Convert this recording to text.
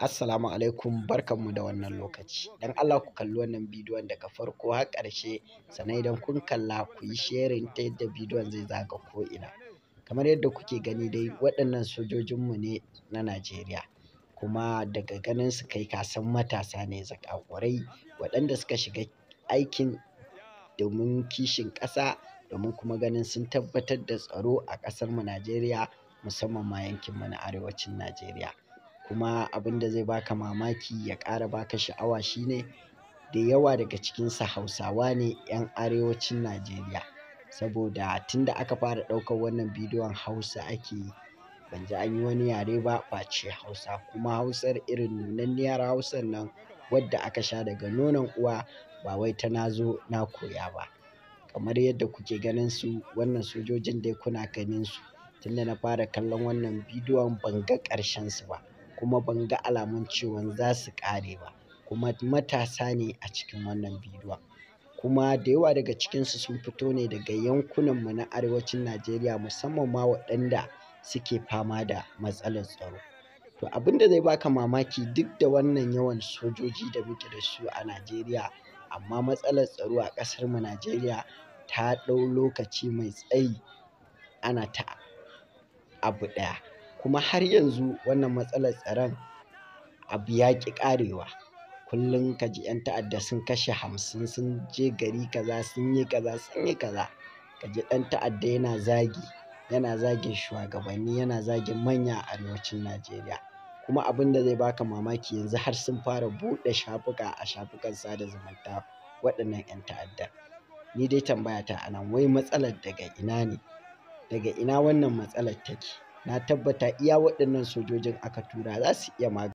Assalamu alaikum barkanmu da wannan lokaci. Dan Allah ku kalli wannan bidiyon daga farko har ƙarshe sannan idan kun kalla ku yi sharing ta yadda bidiyon zai zaga ko ina. Kamar yadda kuke gani dai waɗannan sojojinmu ne na Najeriya. Kuma daga ganin su kai kasan matasa ne zakakurai waɗanda suka shiga aikin domin kishin ƙasa domin kuma ganin sun tabbatar da tsaro a ƙasarmu Najeriya musamman ma yankinmu na arewacin Najeriya. kuma abin da zai baka mamaki ya ƙara baka sha'awa shine da yawa daga cikinsa Hausawa ne 'yan arewacin Najeriya. Saboda tun da aka fara ɗaukar wannan bidiyon Hausa ake yi. Ban ji an yi wani yare ba face Hausa kuma Hausar irin nunanniyar Hausar nan wadda aka sha daga nonon uwa ba wai ta nazo na koya ba. Kamar yadda kuke ganin su wannan sojojin dai kuna ganin su. tunda na fara kallon wannan bidiyon ban ga ƙarshen su ba. kuma ban ga alamun cewa za su ƙare ba. Kuma matasa ne a cikin wannan bidiyon. Kuma da yawa daga cikinsu sun fito ne daga yankunan mu na arewacin Najeriya musamman ma waɗanda suke fama da matsalar tsaro. To abin da zai baka mamaki duk da wannan yawan sojoji da muke da su a Najeriya amma matsalar tsaro a ƙasar mu Najeriya ta ɗau lokaci mai tsayi ana ta abu ɗaya. kuma har yanzu wannan matsalar tsaron abu ya ƙi ƙarewa kullum ka ji 'yan ta'adda sun kashe hamsin sun je gari kaza sun yi kaza sun yi kaza ka ji ɗan ta'adda yana zagi yana zagin shugabanni yana zagin manya a arewacin najeriya kuma abin da zai baka mamaki yanzu har sun fara buɗe shafuka a shafukan sada zumunta waɗannan 'yan ta'adda ni dai tambaya ta anan wai matsalar daga ina ne daga ina wannan matsalar take na tabbata iya waɗannan sojojin aka tura za su iya magani